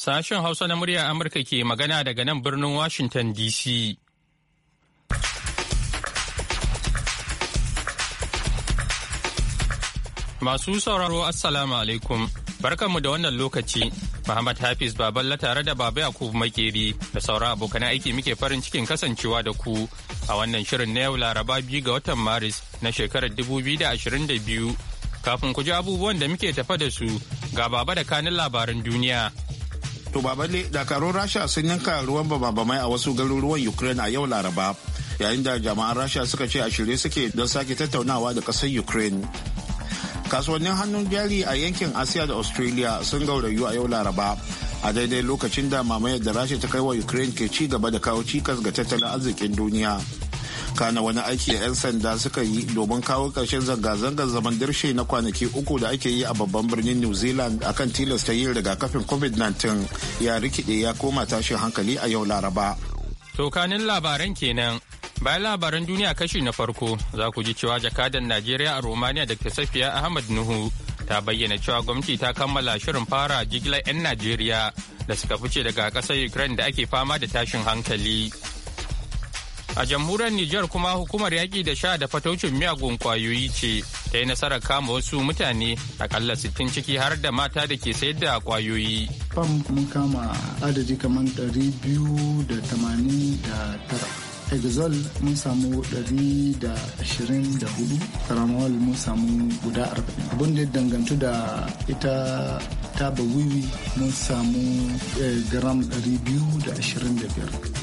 Sashen Hausa na murya Amurka ke magana daga nan birnin Washington DC. Masu sauraro Assalamu alaikum. Barkanmu da wannan lokaci. Muhammad Hafiz Baballa tare da Baba Yakubu Makeri da sauran abokan aiki muke farin cikin kasancewa da ku a wannan shirin na yau Laraba biyu ga watan Maris na shekarar 2022. Kafin ku ji abubuwan da muke tafa da su ga Baba da kanin labaran duniya. To balle dakarun Rasha sun yanka ruwan bama-bamai a wasu garuruwan Ukraine a yau Laraba yayin da jama'an Rasha suka ce a shirye suke don sake tattaunawa da ƙasar Ukraine. Kasuwannin hannun jari a yankin Asiya da Australia sun gaurayu a yau Laraba a daidai lokacin da mamayar da Rasha ta kai wa Ukraine ke ci gaba da kawo cikas ga tattalin arzikin duniya. kana wani aiki 'yan sanda suka yi domin kawo ƙarshen zanga-zangar zaman dirshe na kwanaki uku da ake yi a babban birnin new zealand akan tilasta yin rigakafin covid-19 ya rikide ya koma tashin hankali a yau laraba tokanin labaran kenan bayan labaran duniya kashi na farko za ku ji cewa jakadan najeriya a romania da safiya ahmad nuhu ta bayyana cewa gwamnati ta kammala shirin fara jigilar 'yan najeriya da suka fice daga ƙasar ukraine da ake fama da tashin hankali A jamhuriyar Nijar kuma hukumar yaƙi da sha da fataucin miyagun kwayoyi ce ta yi nasarar kama wasu mutane akalla sittin ciki har da mata da ke sayar da kwayoyi. Fam mun kama adadi kamar ɗari biyu da tamanin da tara. Exol mun samu ɗari da ashirin da hudu, mun samu guda arba'in. Abin da dangantu da ita taba wiwi mun samu eh, gram ɗari biyu da ashirin da biyar.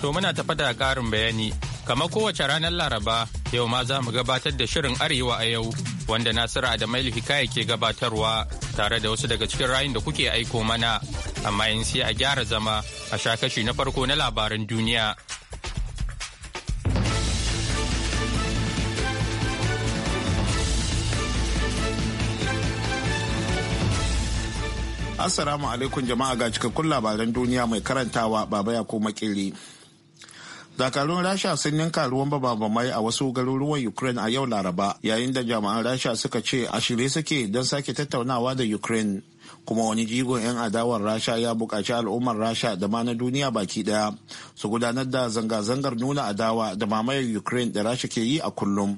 To muna tafa da ƙarin bayani. Kamar kowace ranar Laraba, yau ma za mu gabatar da shirin Arewa a yau, wanda Nasiru Adamail Hikaya ke gabatarwa tare da wasu daga cikin rayun da kuke aiko mana. Amma yin sai a gyara zama a sha kashi na farko na labaran duniya. Assalamu alaikum jama'a ga cikakkun labaran duniya mai karantawa Baba ko Makili. dakarun rasha sun ninka ruwan bababamai a wasu garuruwan ukraine a yau laraba yayin da jami'an rasha suka ce a shirye suke don sake tattaunawa da ukraine kuma wani jigon 'yan adawar rasha ya buƙaci al'ummar rasha da ma na duniya baki daya su gudanar da zanga-zangar nuna adawa da mamayar ukraine da rasha ke yi a kullum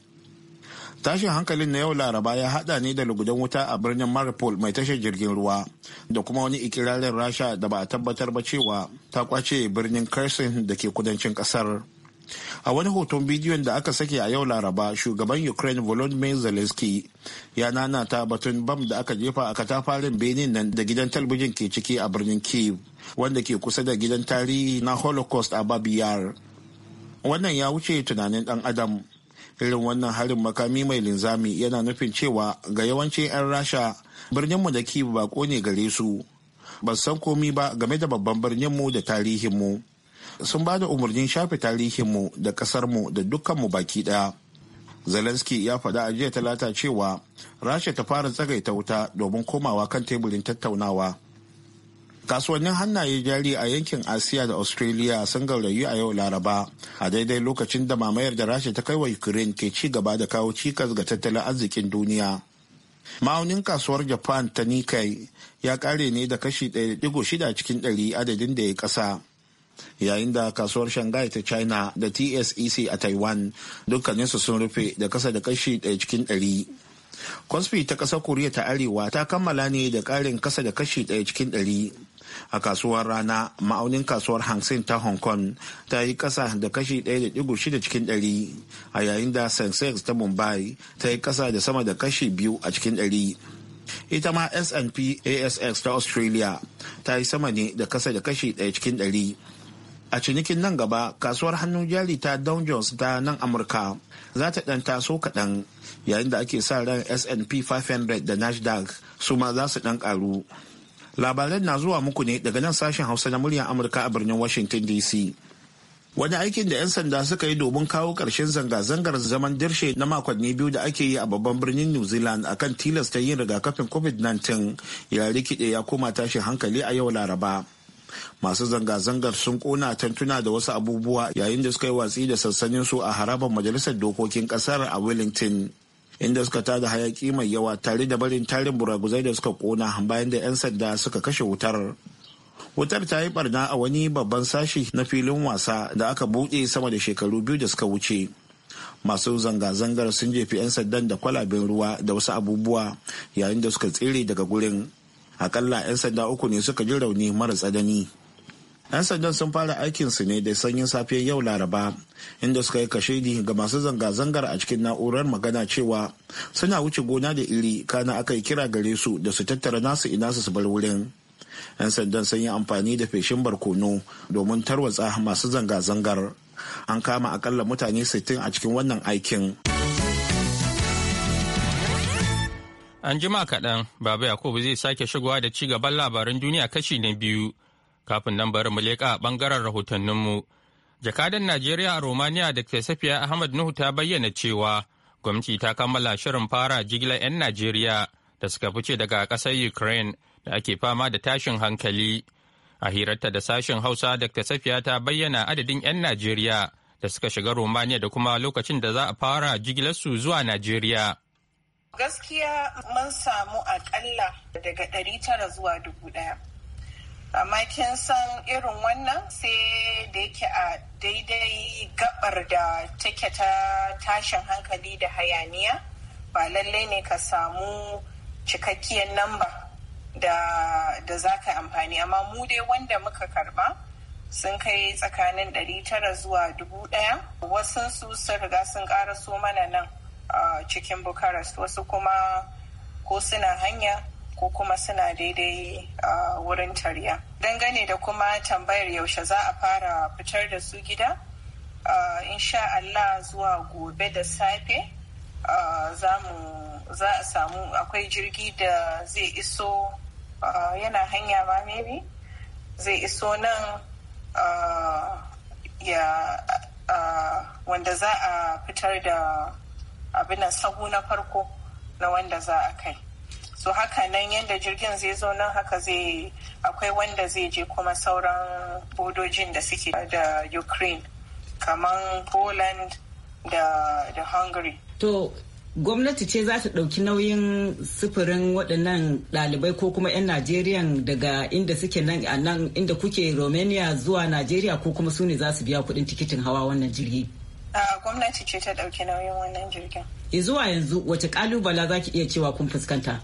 tashin hankalin na yau laraba ya hada ne da lugudan wuta a birnin maripol mai tashar jirgin ruwa da kuma wani ikirarin rasha da ba a tabbatar ba cewa ta kwace birnin kersin da ke kudancin kasar a wani hoton bidiyon da aka sake a yau laraba shugaban ukraine volodymyr zelensky ya nanata batun bam da aka jefa a katafarin benin nan da gidan talbijin ke ciki a birnin kiev wanda ke kusa da gidan tarihi na holocaust a babiyar wannan ya wuce tunanin dan adam irin wannan harin makami mai linzami yana nufin cewa ga yawancin 'yan rasha birninmu da kiev bako ne gare su ban san komi ba game da babban birninmu da tarihinmu sun ba da umarnin shafe tarihinmu da ƙasarmu da dukkanmu baki ɗaya zelensky ya faɗa a jiya talata cewa rasha ta fara tsagaita wuta domin komawa kan teburin tattaunawa kasuwannin hannaye jari a yankin asiya da australia sun gaurayi a yau laraba a daidai lokacin da mamayar da rasha ta kai wa ukraine ke ci gaba da kawo cikas ga tattalin arzikin duniya ma'aunin kasuwar japan ta nikai ya kare ne da kashi 1.6 cikin 100 adadin da ya kasa yayin da kasuwar shanghai ta china da tsec a taiwan dukkaninsu sun rufe da kasa da kashi 1 cikin 100 kwasfi ta kasar koriya ta arewa ta kammala ne da karin kasa da kashi 1 cikin dari. a kasuwar rana ma'aunin kasuwar hansin ta hong kong ta yi kasa da kashi 1.6 cikin 100 a yayin da sensex ta mumbai ta yi kasa da sama da kashi 2 a cikin 100 ita ma S&P ASX ta Australia ta yi sama ne da kasa da kashi ɗaya cikin ɗari. A cinikin nan gaba kasuwar hannun jari ta Dow Jones ta nan Amurka za ta ɗan taso kaɗan yayin da ake sa ran S&P 500 da Nasdaq su ma za su ɗan ƙaru. labaran na zuwa muku ne daga nan sashen hausa na muryar amurka a birnin washington dc wani aikin da 'yan sanda suka yi domin kawo ƙarshen zanga-zangar zaman dirshe na makonni biyu da ake yi a babban birnin new zealand akan tilasta yin rigakafin covid-19 ya rikide ya koma tashin hankali a yau laraba masu zanga-zangar sun kona tantuna da wasu abubuwa yayin da suka yi watsi da sassanin su a harabar majalisar dokokin kasar a wellington inda suka tada hayaki mai yawa tare da barin tarin buraguzai da suka kona bayan da 'yan sanda suka kashe wutar wutar ta yi barna a wani babban sashi na filin wasa da aka buɗe sama da shekaru biyu da suka wuce masu zanga-zangar sun jefi 'yan sandan da kwalaben ruwa da wasu abubuwa yayin da suka tsere daga gurin akalla 'yan sanda uku ne suka ji rauni mara tsadani 'yan sandan sun fara aikinsu ne da sanyin safiyar yau laraba inda suka yi kashedi ga masu zanga-zangar a cikin na'urar magana cewa suna wuce gona da iri kana aka yi kira gare su da su tattara nasu ina su bar wurin 'yan sandan sun yi amfani da feshin barkono domin tarwatsa masu zanga-zangar an kama akalla mutane 60 a cikin wannan aikin an jima kaɗan baba yakubu zai sake shigowa da ci gaban labaran duniya kashi na biyu Kafin nan bari mu leƙa ɓangaren rahotanninmu. Jakadan Najeriya a Romania da ke safiya Ahmad Nuhu ta bayyana cewa gwamnati ta kammala shirin fara jigilar 'yan Najeriya da suka fice daga ƙasar Ukraine da ake fama da tashin hankali. A hirarta da sashen Hausa Dr. Safiya ta bayyana adadin 'yan Najeriya da suka shiga Romania da kuma lokacin da za a fara jigilarsu zuwa Najeriya. Gaskiya mun samu aƙalla daga 900 zuwa 1000. amma kin san irin wannan sai da yake a daidai gabar da take ta tashin hankali da hayaniya ba lallai ne ka samu cikakkiyar namba da za ka amfani amma mu dai wanda muka karba sun kai tsakanin 900 zuwa 1000 wasu su sun riga sun karaso mana nan ah, cikin bukarest wasu kuma ko suna hanya ko kuma suna daidai a wurin tarya dangane da kuma tambayar yaushe za a fara fitar da su gida insha Allah zuwa gobe da safe za a samu akwai jirgi da zai iso yana hanya ma maybe zai iso nan ya wanda za a fitar da abinan sahu na farko na wanda za a kai so haka nan yadda jirgin zai zo nan haka zai akwai wanda zai je kuma sauran bodojin da suke da ukraine kamar poland da, da hungary to gwamnati ce za ta ɗauki nauyin sufurin waɗannan ɗalibai ko kuma 'yan najeriya daga inda suke nan a nan inda kuke romania zuwa najeriya ko kuma su ne za su biya kuɗin tikitin hawa wannan jirgi gwamnati ce ta ɗauki nauyin wannan jirgin zuwa yanzu wace kalubala za ki iya cewa kun fuskanta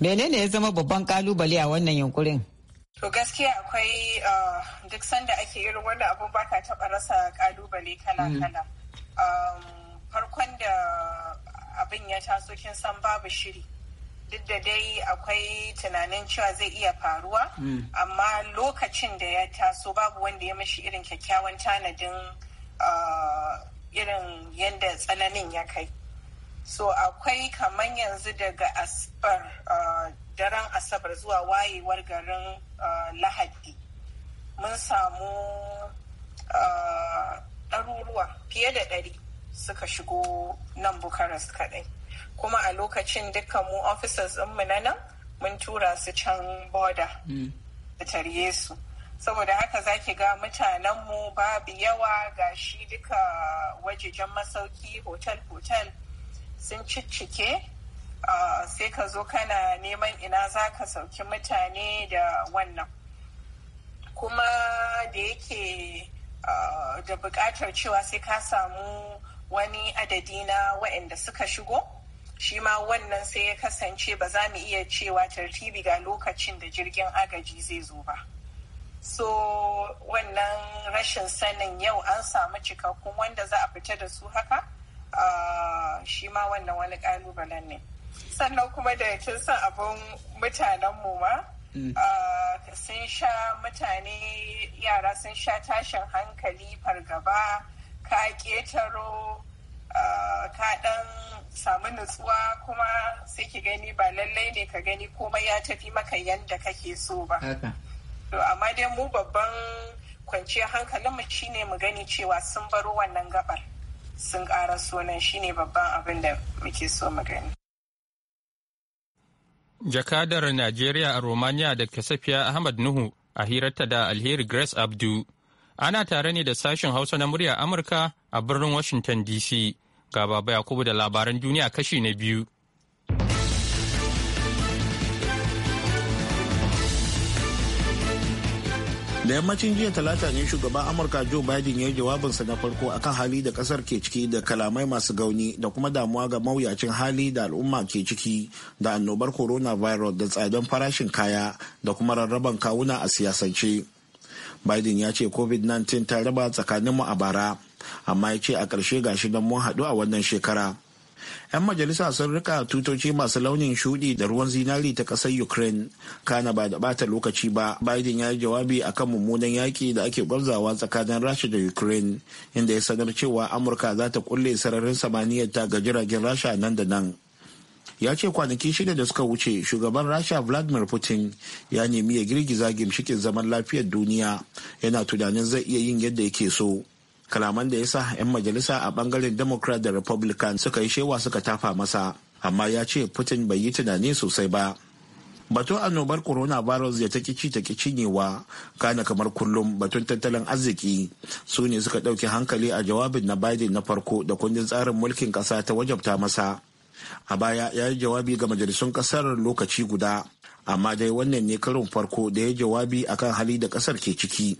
menene ya zama babban kalubale a wannan yunkurin to gaskiya akwai uh, duk sanda ake irin wanda abun ba ka taɓa rasa kalubale kala-kala mm. um, farkon da abin ya taso kin san babu shiri duk da dai akwai tunanin cewa zai iya faruwa mm. amma lokacin da ya taso babu wanda ya mashi irin kyakkyawan tanadin uh, irin yadda tsananin ya kai so akwai kaman yanzu daga asabar uh, daren asabar zuwa wayewar garin uh, lahadi mun samu uh, ɗaruruwa fiye da ɗari suka shigo nan bukaras kaɗai kuma a lokacin dukkan mu officers mu na nan mun tura su can border da hmm. tarye su saboda haka zaki ga mutanenmu babu yawa ga shi duka wajejen masauki hotel-hotel sun ciccike sai ka zo kana neman ina za ka sauki mutane da wannan kuma da yake da buƙatar cewa sai ka samu wani adadi na waɗanda suka shigo shi ma wannan sai ya kasance ba za mu iya cewa tartibi ga lokacin da jirgin agaji zai zo ba so wannan rashin sanin yau an samu cikakkun wanda za a fita da su haka Ah, shi ma wannan wani kalubalen ne sannan kuma da kin san abin mutanenmu ma mm. ah, sun sha mutane yara sun sha tashin hankali fargaba ka ketaro ah, ka ɗan samu nutsuwa kuma sai ki gani ba lallai ne ka gani komai ya tafi maka yadda kake so ba amma dai mu babban kwanciyar hankalinmu shine mu gani cewa sun baro wannan gabar sun ƙara sunan shine babban abin da muke so mu gani. Jakadar Najeriya a Romania da Kasafiya Ahmad Nuhu a hirarta da Alheri Grace Abdu. Ana tare ne da sashen Hausa na murya Amurka a birnin Washington DC. Ga Baba Yakubu da labaran duniya kashi na biyu. da yammacin jiya talata ne shugaban amurka joe biden ya yi jawabinsa na farko akan hali da kasar ke ciki da kalamai masu gauni da kuma damuwa ga mawuyacin hali da al'umma ke ciki da annobar coronavirus da tsadon farashin kaya da kuma rarraban kawuna a siyasance biden ya ce covid-19 ta raba tsakaninmu a bara amma ya ce a ƙarshe gashi don mun haɗu a wannan shekara 'Yan majalisa sun rika tutoci masu launin shudi da ruwan zinari ta ƙasar Ukraine. Kana ba da ɓata lokaci ba, Biden ya yi jawabi akan mummunan yaki da ake gwarzawa tsakanin Rasha da Ukraine, inda ya sanar cewa Amurka za ta kulle sararin samaniyar ta ga jiragen Rasha nan da nan. ya ce kwanaki shida da suka wuce shugaban rasha vladimir putin ya nemi ya girgiza gimshikin zaman lafiyar duniya yana tunanin zai iya yin yadda yake so kalaman da ya sa 'yan majalisa a bangaren democrat da republican suka yi shewa suka tafa masa amma ya ce putin bai yi tunani sosai ba batun annobar coronavirus ya ta kici ta wa kana kamar kullum batun tattalin arziki su ne suka ɗauki hankali a jawabin na biden na farko da kundin tsarin mulkin ƙasa ta wajabta masa a baya ya yi jawabi ga majalisun ƙasar lokaci guda amma dai wannan ne karin farko da ya jawabi akan hali da ƙasar ke ciki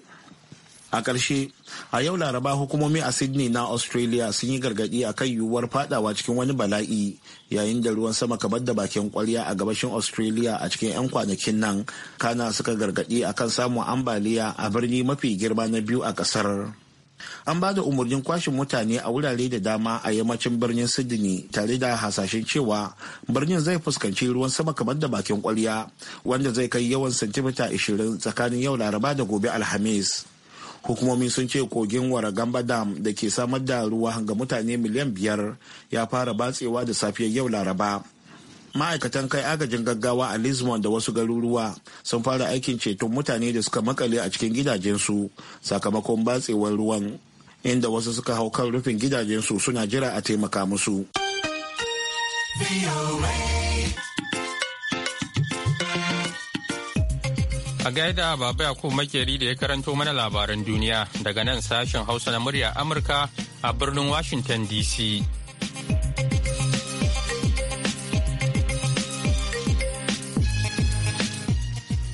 a ƙarshe a yau laraba hukumomi a sydney na australia sun yi gargaɗi a kan yiwuwar fadawa cikin wani bala'i yayin da ruwan sama kamar da bakin kwarya a gabashin australia a cikin 'yan kwanakin nan kana suka gargaɗi a kan samun ambaliya a birni mafi girma na biyu a ƙasar an ba da umarnin kwashin mutane a wurare da dama a yammacin birnin sydney tare da hasashen cewa birnin zai fuskanci ruwan sama kamar da bakin kwarya wanda zai kai yawan santimita 20 tsakanin yau laraba da gobe alhamis hukumomi sun ce kogin waragamba dam da ke samar da ruwa ga mutane miliyan biyar ya fara batsewa da safiyar yau laraba ma'aikatan kai agajin gaggawa a lisbon da wasu garuruwa sun fara aikin ceton mutane da suka makale a cikin gidajensu sakamakon batsewar ruwan inda wasu suka hau kan rufin gidajensu suna jira a taimaka musu. A gaida Baba Yakub Makeri da ya karanto mana labaran duniya daga nan sashen Hausa na murya Amurka a birnin Washington DC.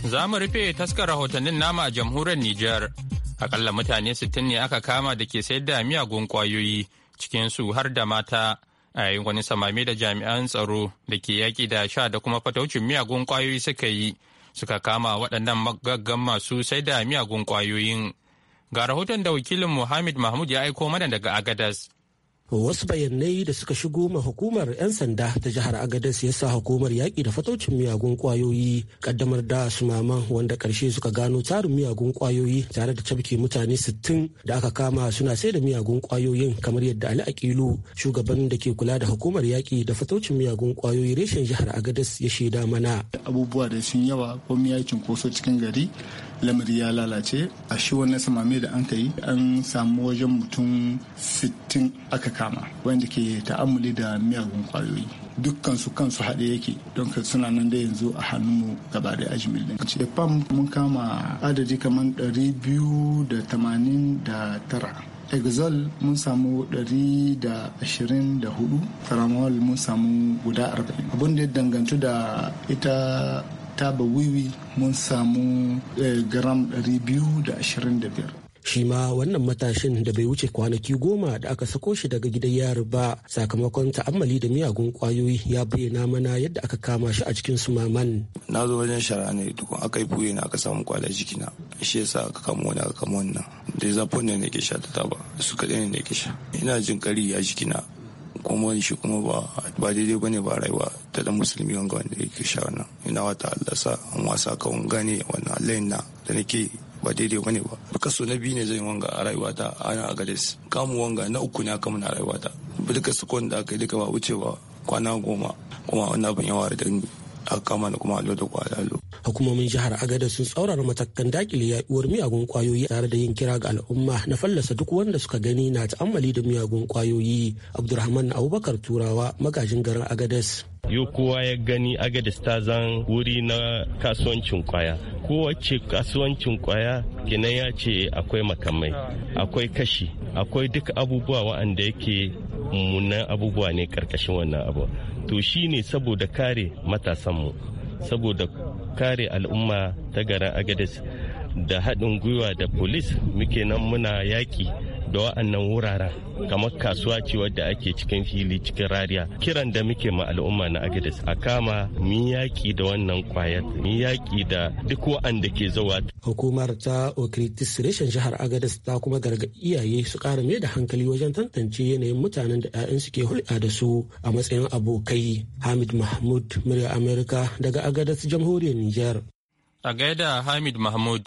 Za mu rufe taskar rahotannin nama a jamhuriyar Nijar. Akalla mutane 60 ne aka kama da ke sayar da miyagun kwayoyi cikinsu har da mata a yayin wani samame da jami'an tsaro da ke yaƙi da sha da kuma fataucin miyagun kwayoyi suka yi. suka kama waɗannan magaggan masu sai da miyagun ƙwayoyin. Ga rahoton da wakilin Muhammad Mahmud ya aiko mana daga Agadas. wasu bayanai da suka shigo ma hukumar 'yan sanda ta jihar agadez ya sa hukumar yaƙi da fataucin miyagun ƙwayoyi ƙaddamar da su mama wanda ƙarshe suka gano tarin miyagun ƙwayoyi tare da cafke mutane 60 da aka kama suna sai da miyagun ƙwayoyin kamar yadda ali akilu shugaban da ke kula da hukumar yaƙi da fataucin miyagun ƙwayoyi reshen jihar agadez ya shaida mana abubuwa da sun yawa ko miyakin koso cikin gari lamari ya lalace a shi wannan samame da an yi an samu wajen mutum 60 aka kama wanda ke ta'amuli da miyagun kwayoyi dukkan su kansu haɗe yake don ka suna nan da yanzu a hannunmu gaba da ajimil din ce fam mun kama adadi kamar 289 exol mun samu 124 tramol mun samu guda 40 abin da ya dangantu da ita ba wiwi mun samu eh, garam 225 shi ma wannan matashin da bai wuce kwanaki goma da aka sako shi daga gidan yari ba sakamakon ta'ammali da miyagun kwayoyi ya bayyana mana yadda aka kama shi a cikin sumaman na zo wajen shara ne tukun aka yi buye na aka samu kwala jiki na shi yasa aka kama wani aka kama wannan da ya zafon ne ke sha ta taba su kaɗai ne ke sha ina jin kari a jiki na kuma shi kuma ba ba daidai ba ne ba rayuwa ta da musulmi wanga wanda yake sha wannan ina wata Allah sa an wasa ka gane wannan layin na da nake ba daidai ba ne ba kaso na biyu ne zan wanga a rayuwata ana a gares kamu wanga na uku ne aka mun a rayuwata duka sukon da aka yi duka ba wucewa kwana goma kuma wannan abin yawa da ni a kama da kuma allo da Hukumomin jihar Agada sun tsaurara matakan dakile yaduwar miyagun kwayoyi tare da yin kira ga al'umma na fallasa duk wanda suka gani na ta'ammali da miyagun kwayoyi. Abdulrahman Abubakar Turawa magajin garin Agadas. Yau kowa ya gani Agadis ta zan wuri na kasuwancin kwaya. Kowace kasuwancin kwaya kenan ya ce akwai makamai, akwai kashi, akwai duk abubuwa wa'anda yake muna abubuwa ne karkashin wannan abu. To shi ne saboda kare matasanmu, saboda kare al'umma ta garin Agadis da haɗin gwiwa da polis muke nan muna yaƙi. da wa'annan wuraren kamar kasuwa ce wadda ake cikin fili cikin rariya kiran da muke ma al'umma na agadis a kama mi yaƙi da wannan kwayar mi yaƙi da duk wa'anda ke zawa hukumar ta okritis reshen jihar agadis ta kuma garga iyaye su ƙara mai da hankali wajen tantance yanayin mutanen da su ke hulɗa da su a matsayin abokai hamid mahmud murya amerika daga agadis jamhuriyar niger a gaida hamid mahmud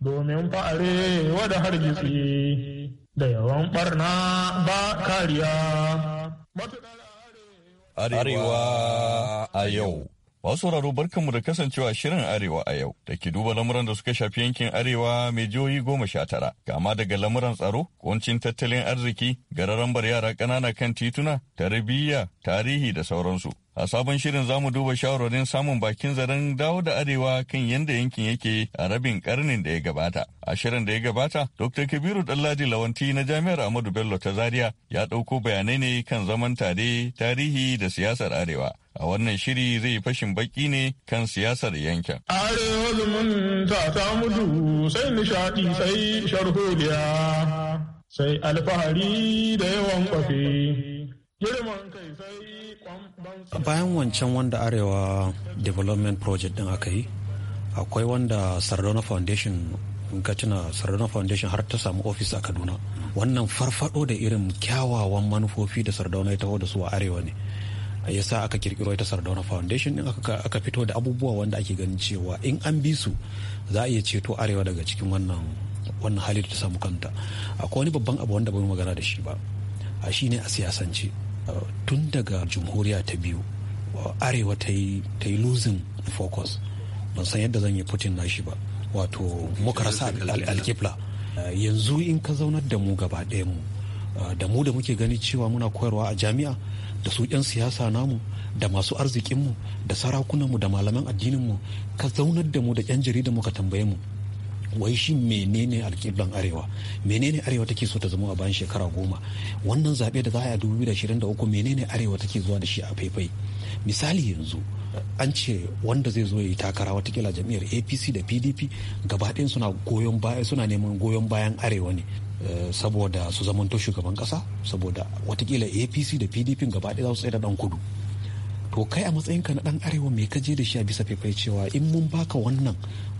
domin fa'are wada hargitsi da yawan barna ba kariya. Arewa a yau. Masu sauraro barkanmu da kasancewa shirin Arewa a yau da ke duba lamuran da suka shafi yankin Arewa mai jihohi goma sha tara, kama daga lamuran tsaro, kuncin tattalin arziki, gararambar yara ƙanana kan tituna, tarbiyya, tarihi da sauransu. A sabon shirin za mu duba shawarwarin samun bakin zaren dawo da arewa kan yadda yankin yake a rabin karnin da ya gabata. A shirin da ya gabata, Dr. Kabiru Ɗanladi Lawanti na Jami'ar Ahmadu Bello ta Zaria ya ɗauko bayanai ne kan zaman tare, tarihi da siyasar arewa. a wannan shiri zai fashin baki ne kan siyasar yankin. Arewa zumunta ta mudu sai nishaɗi sai sharholiya sai alfahari da yawan kwafe. Bayan wancan wanda Arewa Development Project ɗin aka yi, akwai wanda Sardauna Foundation gatina Foundation har ta samu ofis a Kaduna. Wannan farfado da irin kyawawan manufofi da Sardauna ya taho da su a Arewa ne. yasa aka kirkiro ita sardauna foundation din aka fito da abubuwa wanda ake ganin cewa in an bi su za a iya ceto arewa daga cikin wannan wannan hali da ta samu kanta akwai wani babban abu wanda bai magana da shi ba a shi ne a siyasance tun daga jamhuriya ta biyu arewa ta yi losing focus ban san yadda zan yi putin na shi ba wato muka rasa alkifla yanzu in ka zaunar da mu gaba ɗaya mu da mu da muke gani cewa muna koyarwa a jami'a da su 'yan siyasa namu da masu arzikinmu da sarakunanmu da malaman addininmu ka zaunar da mu da 'yan jarida mu ka tambaye mu wai shi menene alƙiblan arewa menene arewa take so ta zama a bayan shekara goma wannan zaɓe da za a yi a 2023 menene arewa take zuwa da shi a faifai misali yanzu an ce wanda zai zo ya yi takara watakila jam'iyyar apc da pdp gabaɗayan suna goyon baya suna neman goyon bayan arewa ne Eh, saboda su zamanto shugaban kasa saboda watakila apc da pdp gaba ɗaya za su tsaye da ɗan kudu to kai a matsayin ka na ɗan arewa me ka je da shi a bisa faifai cewa in mun baka wannan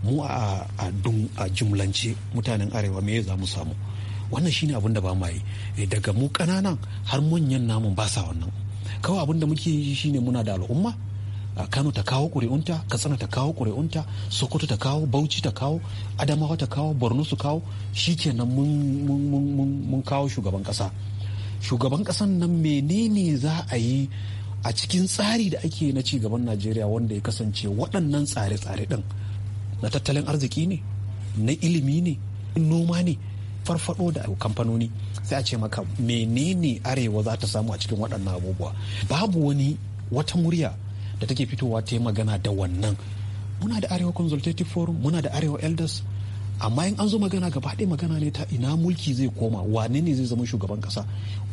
mu a jumlance mutanen arewa me za mu samu wannan shine abin da ba mu yi eh, daga mu kananan har manyan namun ba sa wannan kawai abin da muke yi shine muna da al'umma kano ta kawo ƙuri'unta katsina ta kawo kuri'unta sokoto ta kawo bauchi ta kawo adamawa ta kawo borno su kawo shikenan mun kawo shugaban kasa. shugaban kasan nan menene za a yi a cikin tsari da ake na cigaban najeriya wanda ya kasance waɗannan tsare-tsare ɗin na tattalin arziki ne na ilimi ne noma ne farfado da kamfanoni sai a ce maka menene arewa za ta samu a cikin waɗannan abubuwa babu wani wata murya da take fitowa ta yi magana da wannan muna da arewa consultative forum muna da arewa elders amma in an zo magana gaba ɗaya magana ne ta ina mulki zai koma wane ne zai zama shugaban kasa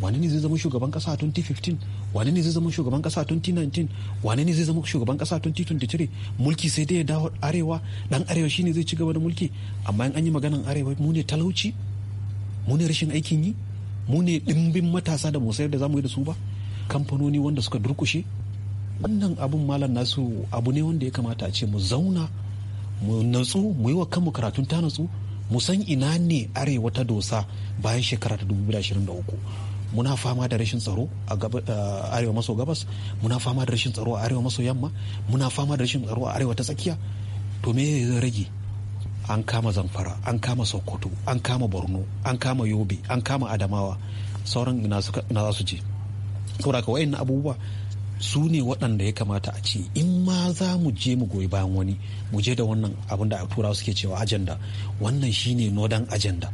wane ne zai zama shugaban kasa 2015 wane ne zai zama shugaban kasa 2019 wane ne zai zama shugaban kasa 2023 mulki sai dai ya dawo arewa dan arewa shine zai ci gaba da mulki amma in an yi maganan arewa mu ne talauci mu ne rashin aikin yi mu ne dimbin matasa da musayar da zamu yi da su ba kamfanoni wanda suka durkushe wannan abun malam nasu abu ne wanda ya kamata a ce mu zauna mu natsu mu yi wa kanmu karatun ta natsu mu san ina ne arewa ta dosa bayan shekara ta 2023 muna fama da rashin tsaro a arewa maso gabas muna fama da rashin tsaro a arewa maso yamma muna fama da rashin tsaro a arewa ta tsakiya to me ya rage an kama zamfara an kama sokoto an kama borno an kama yobe an kama adamawa sauran na za su je saboda ka wayan abubuwa su ne waɗanda ya kamata a ce in ma za mu je mu goyi bayan wani mu je da wannan abin da a turawa suke cewa ajanda wannan shine nodan ajanda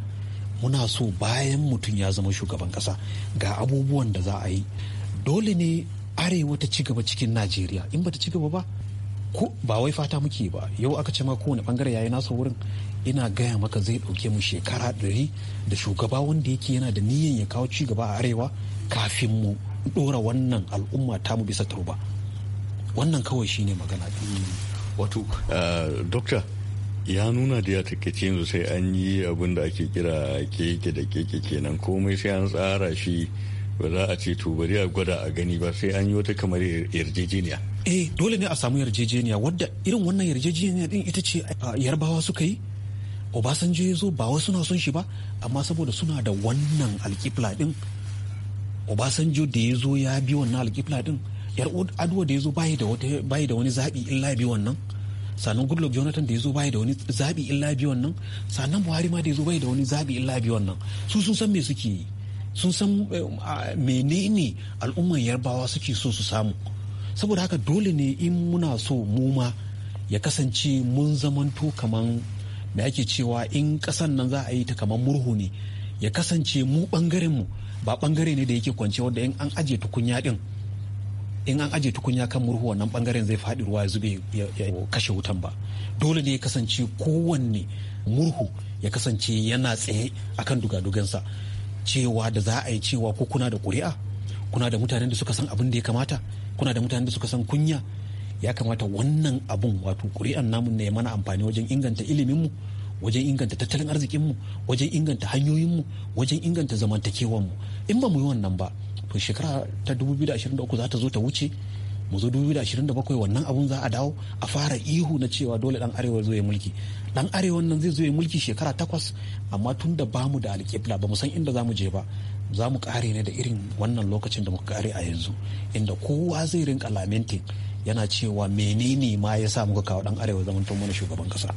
muna so bayan mutum ya zama shugaban ƙasa ga abubuwan da za a yi dole ne arewa ta ci gaba cikin najeriya in bata ci gaba ba ko ba wai fata muke ba yau aka ce ma kowane bangare yayi nasa wurin ina gaya maka zai dauke mu shekara ɗari da shugaba wanda yake yana da niyan ya kawo ci gaba a arewa kafin mu dora wannan al'umma ta tamu bisa turba wannan kawai shi ne magana hmm. wato uh, dokta ya nuna da ya takaice yanzu sai an yi abin da ake kira keke da keke kenan komai sai an tsara shi ba za a ce to bari a gwada a gani ba sai an yi wata kamar yarjejeniya eh dole ne a samu yarjejeniya wadda irin wannan yarjejeniya din ita ce yarbawa suka yi obasanjo ya zo ba wasu na son shi ba amma saboda suna da wannan alkifla din obasanjo da ya zo ya bi wannan alkibla din yar aduwa da ya zo bayi da wani zaɓi illa bi wannan sannan goodluck jonathan da ya zo bayi da wani zaɓi illa bi wannan sannan buhari ma da ya zo bayi da wani zaɓi illa bi wannan su sun san me suke yi sun san eh, menene al'umman yarbawa suke so su samu saboda haka dole ne in muna so mu ma ya kasance mun zamanto kaman me ake cewa in kasan nan za a yi ta kaman murhu ne ya kasance mu ɓangaren mu ba bangare ne da yake kwance wanda in an aje tukunya din in an aje tukunya kan murhu wannan bangaren zai faɗi ruwa ya zube ya kashe wutan ba dole ne ya kasance kowanne murhu ya kasance yana tsaye akan dugadugansa. cewa da za a yi cewa ko kuna da ƙuri'a kuna da mutanen da suka san abin da ya kamata kuna da mutanen da suka san kunya ya kamata wannan abun wato ƙuri'an namun ne mana amfani wajen inganta ilimin mu wajen inganta tattalin arzikinmu wajen inganta hanyoyinmu wajen inganta zamantakewanmu in ba mu yi wannan ba to shekara ta 2023 za ta zo ta wuce mu zo 2027 wannan abun za a dawo a fara ihu na cewa dole dan arewa zo ya mulki dan arewa nan zai zo ya mulki shekara takwas amma tun da bamu da alƙibla ba mu san inda zamu je ba za mu kare ne da irin wannan lokacin da muka kare a yanzu inda kowa zai rinka lamentin yana cewa menene ma ya sa muka kawo dan arewa zamantar mana shugaban kasa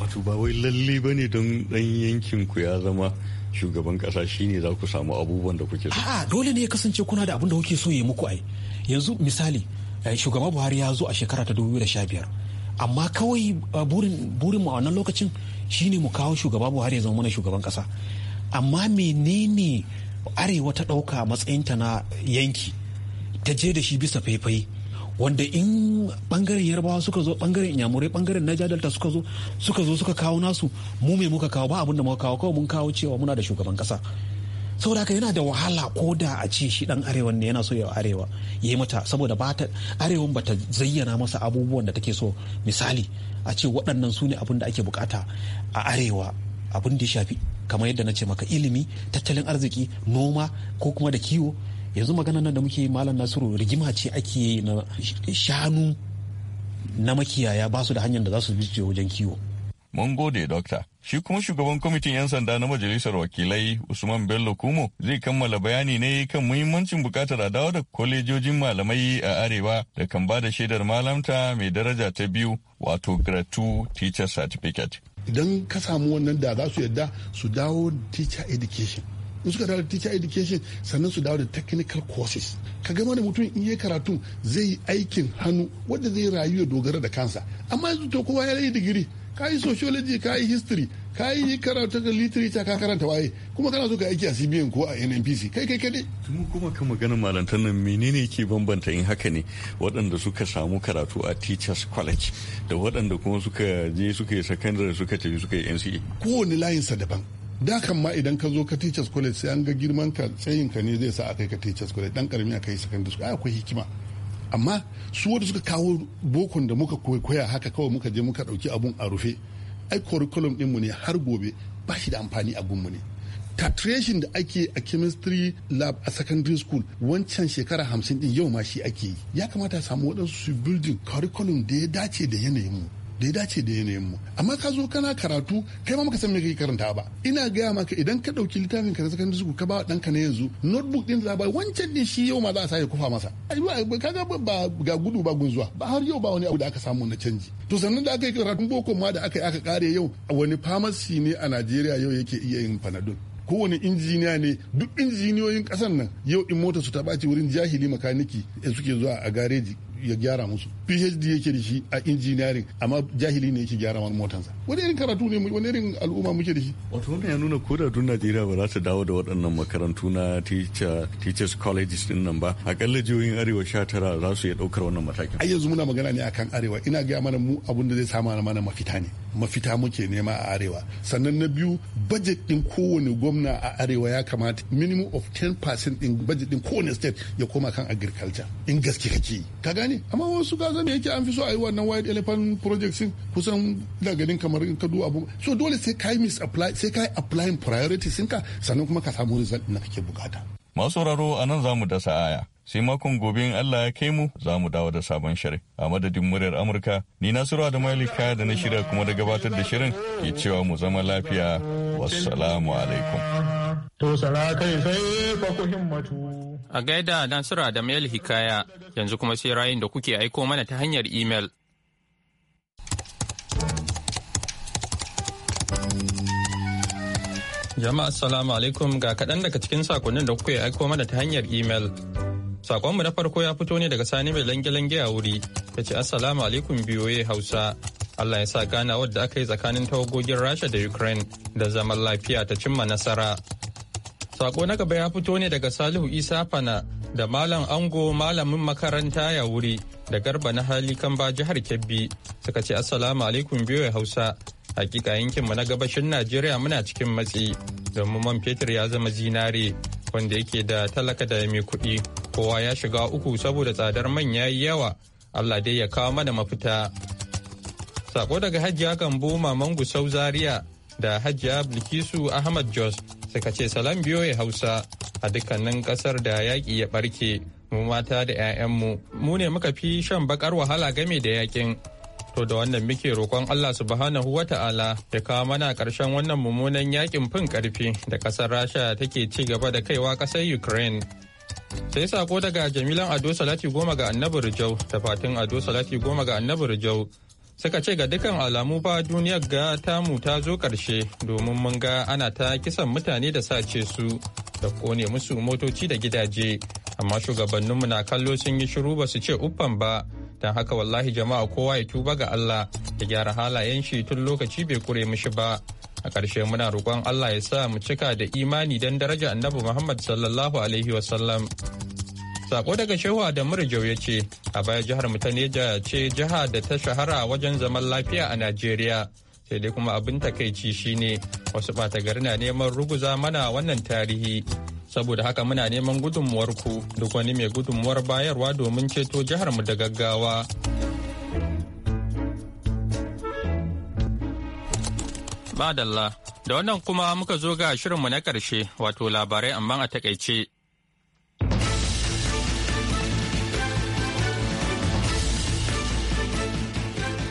wato ba wai lalle ba ne don dan yankin ku ya zama shugaban kasa shine za ku samu abubuwan da kuke so a'a dole ne ya kasance kuna da abin da kuke so ya muku ai yanzu misali eh, shugaban buhari ya zo a shekara ta 2015 amma kawai eh, burin burin mu a wannan lokacin shine mu kawo shugaba buhari ya zama mana shugaban kasa amma menene arewa ta ɗauka matsayinta na yanki ta je da shi bisa faifai wanda in bangaren yarbawa suka zo bangaren inyamurai bangaren naija delta suka zo suka zo suka kawo nasu mu me muka kawo ba abin da muka kawo kawai mun kawo cewa muna da shugaban kasa saboda haka yana da wahala ko da a ce shi dan arewan ne yana so ya arewa ya yi mata saboda ba ta arewan ba ta zayyana masa abubuwan da take so misali a ce waɗannan su ne abin da ake bukata a arewa abin da ya shafi kamar yadda na ce maka ilimi tattalin arziki noma ko kuma da kiwo yanzu magana nan da muke malam nasiru rigima ce ake na shanu na makiyaya ba su da hanyar da za su bi wajen kiwo mun gode dokta shi kuma shugaban kwamitin 'yan sanda na majalisar wakilai usman bello kumo zai kammala bayani ne kan muhimmancin bukatar a dawo da kwalejojin malamai a arewa da kan ba da shaidar malamta mai daraja ta biyu wato grade 2 teacher certificate idan ka samu wannan da za su yadda su dawo teacher education in suka dawo da teacher education sannan su dawo da technical courses ka gama da mutum in yi karatu zai yi aikin hannu wanda zai rayu ya dogara da kansa amma yanzu to kowa ya yi digiri ka yi sociology ka yi history ka yi karatu da literature ka karanta waye kuma kana so ka aiki a CBN ko a NNPC kai kai kadai tun kuma kan magana malantar nan menene yake bambanta in haka ne waɗanda suka samu karatu a teachers college da waɗanda kuma suka je suka yi secondary suka tafi suka yi NCA kowane layinsa daban da kan ma idan ka zo ka teachers college sai an ga girman ka tsayin ka ne zai sa akai ka teachers college dan karami akai secondary school akwai hikima amma su wanda suka kawo bokon da muka koya haka kawai muka je muka dauki abun a rufe ai curriculum din mu ne har gobe ba shi da amfani a gunmu ne titration da ake a chemistry lab a secondary school wancan shekara hamsin din yau ma shi ake yi ya kamata a samu waɗansu su building curriculum da ya dace da yanayin mu da ya dace da yanayin mu amma ka zo kana karatu kai ma maka san me kake karanta ba ina gaya maka idan ka dauki littafin ka na secondary ka ba danka na yanzu notebook din da ba wancan din shi yau ma za a sake kufa masa kaga ba ga gudu ba gunzuwa ba har yau ba wani abu da aka samu na canji to sannan da aka yi karatun boko ma da aka yi aka kare yau wani pharmacy ne a Najeriya yau yake iya yin panadol kowane injiniya ne duk injiniyoyin kasan nan yau in mota su ta ɓaci wurin jahili makaniki eh, suke zuwa a gareji ya gyara musu phd yake da shi a engineering amma jahili ne yake gyara wani motansa wani irin karatu ne wani irin al'umma muke da shi wato wannan ya nuna koda tun najeriya ba za ta dawo da waɗannan makarantu na teachers colleges din nan ba akalla jihohin arewa sha tara za su iya ɗaukar wannan matakin ai yanzu muna magana ne akan arewa ina gaya mana mu abun da zai sama mana mafita ne mafita muke nema a arewa sannan na biyu budget din kowane gwamna a arewa ya kamata minimum of 10% din budget din kowane state ya koma kan agriculture in gaske kake ka gane amma wasu ka zama yake an fi so a yi wannan white elephant project sin kusan da ganin kamar in ka duwa so dole sai kai misapply sai kai applying priorities sinka sannan kuma ka samu result din da kake bukata masu sauraro a nan za mu dasa aya sai makon gobe in Allah ya kai mu za mu dawo da sabon shirin a madadin muryar Amurka ni Nasiru da kaya da na shirya kuma da gabatar da shirin ke cewa mu zama lafiya wassalamu alaikum to sai himmatu a gaida Nasiru da Mail Hikaya yanzu kuma sai rayun da kuke aiko mana ta hanyar email Jama'a assalamu alaikum ga kaɗan daga cikin sakonnin da kuke aiko mana ta hanyar email Sakonmu na farko ya fito ne daga Sani mai lange-lange a wuri, ta ce Assalamu alaikum biyoye Hausa. Allah ya sa ganawar da aka yi tsakanin tawagogin Rasha da Ukraine da zaman lafiya ta cimma nasara. Sako na gaba ya fito ne daga Salihu Isa Fana da Malam Ango malamin makaranta ya wuri da Garba na hali kan ba jihar Kebbi suka ce Assalamu alaikum biyoye Hausa. Hakika yankinmu na gabashin Najeriya muna cikin matsi domin man fetur ya zama zinare wanda yake da talaka da mai kuɗi kowa ya shiga uku saboda tsadar man ya yi yawa allah dai ya kawo mana mafita sako daga hajiya gambo maman gusau zaria da hajiya bilkisu ahmad jos suka ce salam biyo ya hausa a dukkanin kasar da yaƙi ya barke mu mata da 'ya'yanmu mu ne muka fi shan bakar wahala game da yaƙin to da wannan muke roƙon Allah subhanahu wa ta'ala ya kawo mana ƙarshen wannan mummunan yaƙin fin ƙarfi da ƙasar Rasha take ci gaba da kaiwa ƙasar Ukraine sai sako daga jamilan ado salati goma ga annabi rijau da fatin ado salati goma ga annabi rijau suka ce ga dukkan alamu ba duniyar ga tamu ta zo karshe domin mun ga ana ta kisan mutane da sace su da kone musu motoci da gidaje amma shugabanninmu na kallo sun yi shiru ba su ce uffan ba don haka wallahi jama'a kowa ya tuba ga Allah da gyara halayen shi tun lokaci bai kure mishi ba a ƙarshe muna roƙon Allah ya sa mu cika da imani don daraja annabi Muhammad sallallahu alaihi wasallam sako daga shehu Adamu Rijau ya ce a baya jihar mu ta Neja ce jiha da ta shahara wajen zaman lafiya a Najeriya sai dai kuma abin takaici shine wasu ɓata gari na neman ruguza mana wannan tarihi saboda haka muna neman gudunmuwar ku duk wani mai gudunmuwar bayarwa domin ceto jihar mu da gaggawa. Madalla, da wannan kuma muka zo ga shirinmu na ƙarshe wato labarai amma a takaice.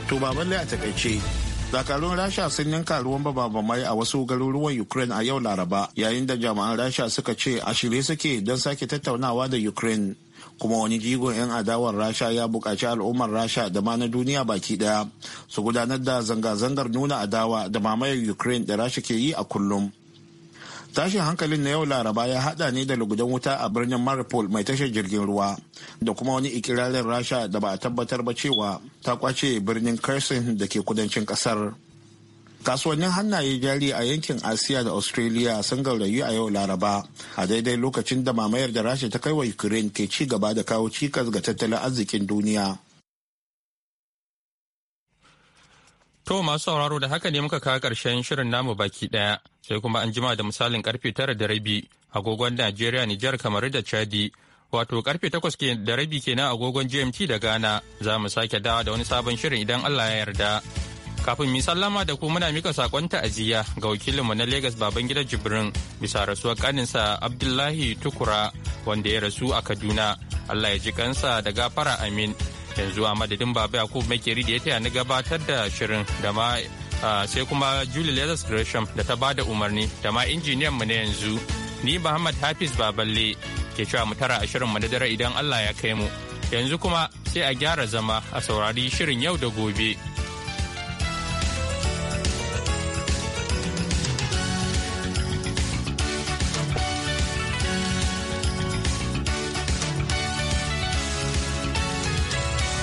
Tubaban a takaice. Dakarun Rasha sun yanka ruwan bababamai a wasu garuruwan Ukraine a yau Laraba yayin da jama'an Rasha suka ce a shirye suke don sake tattaunawa da Ukraine kuma wani jigon 'yan adawar rasha ya buƙaci al'ummar rasha da ma na duniya baki daya su gudanar da zanga-zangar nuna adawa da mamayar ukraine da rasha ke yi a kullum tashin hankalin na yau laraba ya hada ne da lugudan wuta a birnin maripol mai tashar jirgin ruwa da kuma wani ikirarin rasha da ba a tabbatar ba cewa ta kwace birnin kersin da ke kudancin kasar kasuwannin hannaye jari a yankin asiya da australia sun gaurayu a yau laraba a daidai lokacin da mamayar da rasha ta kai wa ukraine ke ci gaba da kawo cikas ga tattalin arzikin duniya To masu sauraro da haka ne muka kawo karshen shirin namu baki ɗaya sai kuma an jima da misalin karfe tara da rabi agogon Najeriya Nijar kamar da Chadi wato karfe takwas da rabi kenan agogon GMT da Ghana za mu sake dawa da wani sabon shirin idan Allah ya yarda. Kafin mi sallama da ku muna mika sakon ta'aziyya ga wakilinmu na Legas Babangida Jibrin bisa rasuwar kaninsa Abdullahi Tukura wanda ya rasu a Kaduna. Allah ya ji kansa da gafara amin. Yanzu a madadin Baba Yakubu Makeri da ya taya ni gabatar da shirin da ma sai kuma Julie Leathers Gresham da ta bada umarni da ma injiniyan mu na yanzu. Ni Muhammad Hafiz Baballe ke cewa mu tara a shirin mu na dare idan Allah ya kai mu. Yanzu kuma sai a gyara zama a saurari shirin yau da gobe.